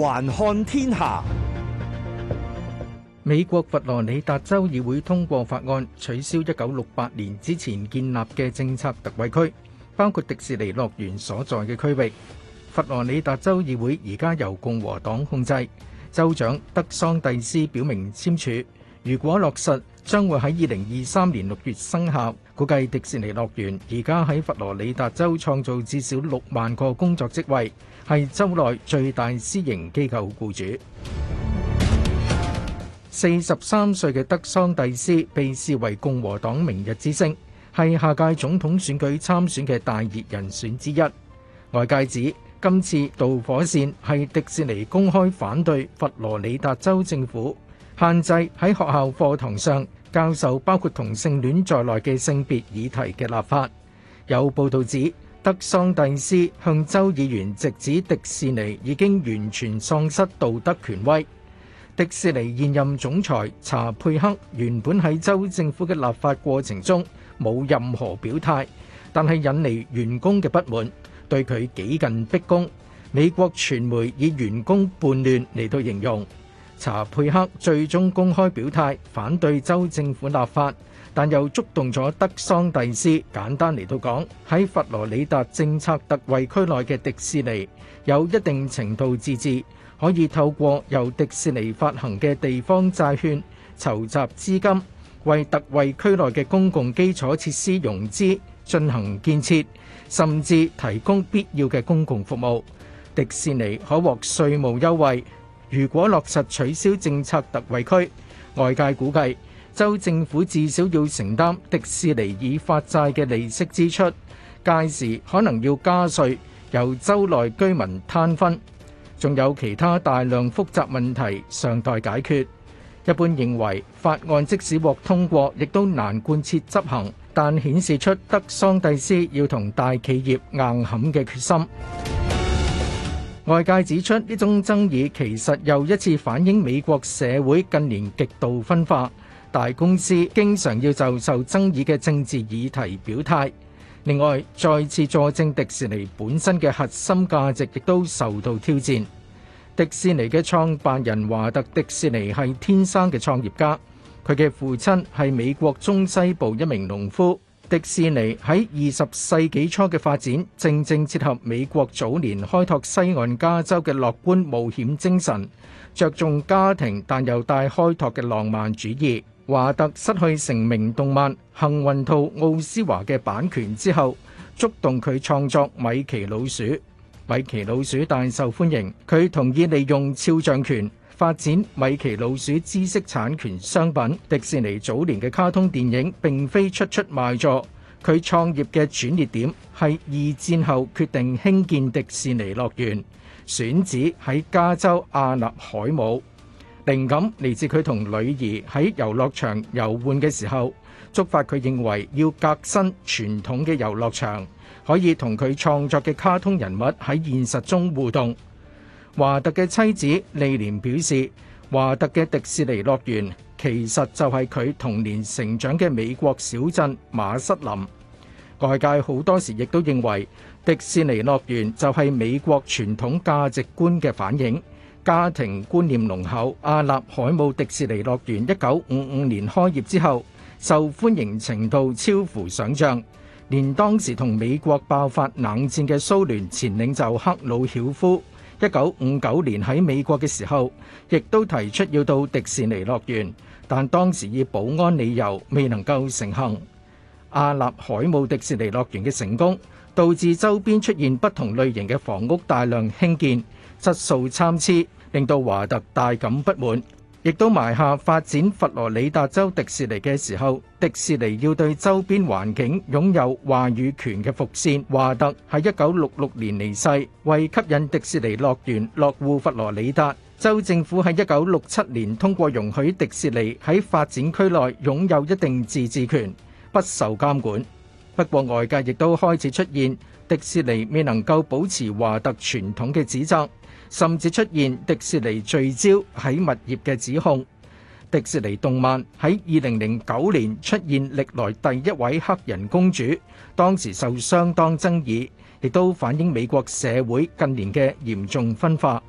環看天下，美國佛羅里達州議會通過法案，取消一九六八年之前建立嘅政策特惠區，包括迪士尼樂園所在嘅區域。佛羅里達州議會而家由共和黨控制，州長德桑蒂斯表明簽署，如果落實，將會喺二零二三年六月生效。估計迪士尼樂園而家喺佛羅里達州創造至少六萬個工作職位，係州內最大私營機構雇主。四十三歲嘅德桑蒂斯被視為共和黨明日之星，係下屆總統選舉參選嘅大熱人選之一。外界指今次導火線係迪士尼公開反對佛羅里達州政府，限制喺學校課堂上，教授包括同性戀在內嘅性別議題嘅立法，有報道指德桑蒂斯向州議員直指迪士尼已經完全喪失道德權威。迪士尼現任總裁查佩克原本喺州政府嘅立法過程中冇任何表態但係引嚟員工嘅不滿對佢幾近逼供。美國傳媒以員工叛亂嚟到形容。查佩克最終公開表態反對州政府立法，但又觸動咗德桑蒂斯。簡單嚟到講，喺佛羅里達政策特惠區內嘅迪士尼有一定程度自治，可以透過由迪士尼發行嘅地方債券籌集資金，為特惠區內嘅公共基礎設施融資進行建設，甚至提供必要嘅公共服務，迪士尼可獲稅務優惠。如果落實取消政策特惠區，外界估計，州政府至少要承擔迪士尼以發債的利息支出，屆時可能要加稅由州內居民攤分，仲有其他大量複雜問題尚待解決。一般認為，法案即使獲通過亦都難貫徹執行，但顯示出德桑蒂斯要同大企業硬撼的決心。外界指出呢種爭議其實又一次反映美國社會近年極度分化，大公司經常要就受爭議嘅政治議題表態。另外，再次佐證迪士尼本身嘅核心價值亦都受到挑戰。迪士尼嘅創辦人華特迪士尼係天生嘅創業家，佢嘅父親係美國中西部一名農夫。迪士尼喺二十世紀初嘅發展，正正切合美國早年開拓西岸加州嘅樂觀冒險精神，着重家庭但又帶開拓嘅浪漫主義。華特失去成名動漫《幸運兔奧斯華》嘅版權之後，觸動佢創作《米奇老鼠》。米奇老鼠大受歡迎，佢同意利用肖像權發展米奇老鼠知識產權商品。迪士尼早年嘅卡通電影並非出出賣座，佢創業嘅轉捩點係二戰後決定興建迪士尼樂園，選址喺加州阿納海姆。靈感嚟自佢同女兒喺遊樂場遊玩嘅時候，觸發佢認為要革新傳統嘅遊樂場，可以同佢創作嘅卡通人物喺現實中互動。華特嘅妻子莉蓮表示，華特嘅迪士尼樂園其實就係佢童年成長嘅美國小鎮馬瑟林。外界好多時亦都認為迪士尼樂園就係美國傳統價值觀嘅反映。家庭觀念濃厚，阿納海姆迪士尼樂園一九五五年開業之後，受歡迎程度超乎想象。連當時同美國爆發冷戰嘅蘇聯前領袖赫魯曉夫一九五九年喺美國嘅時候，亦都提出要到迪士尼樂園，但當時以保安理由未能夠成行。阿納海姆迪士尼樂園嘅成功，導致周邊出現不同類型嘅房屋大量興建，質素參差，令到華特大感不滿，亦都埋下發展佛羅里達州迪士尼嘅時候，迪士尼要對周邊環境擁有話語權嘅伏線。華特喺一九六六年離世，為吸引迪士尼樂園落戶佛羅里達，州政府喺一九六七年通過容許迪士尼喺發展區內擁有一定自治權，不受監管。不過，外界亦都開始出現迪士尼未能夠保持華特傳統嘅指責，甚至出現迪士尼聚焦喺物業嘅指控。迪士尼動漫喺二零零九年出現歷來第一位黑人公主，當時受相當爭議，亦都反映美國社會近年嘅嚴重分化。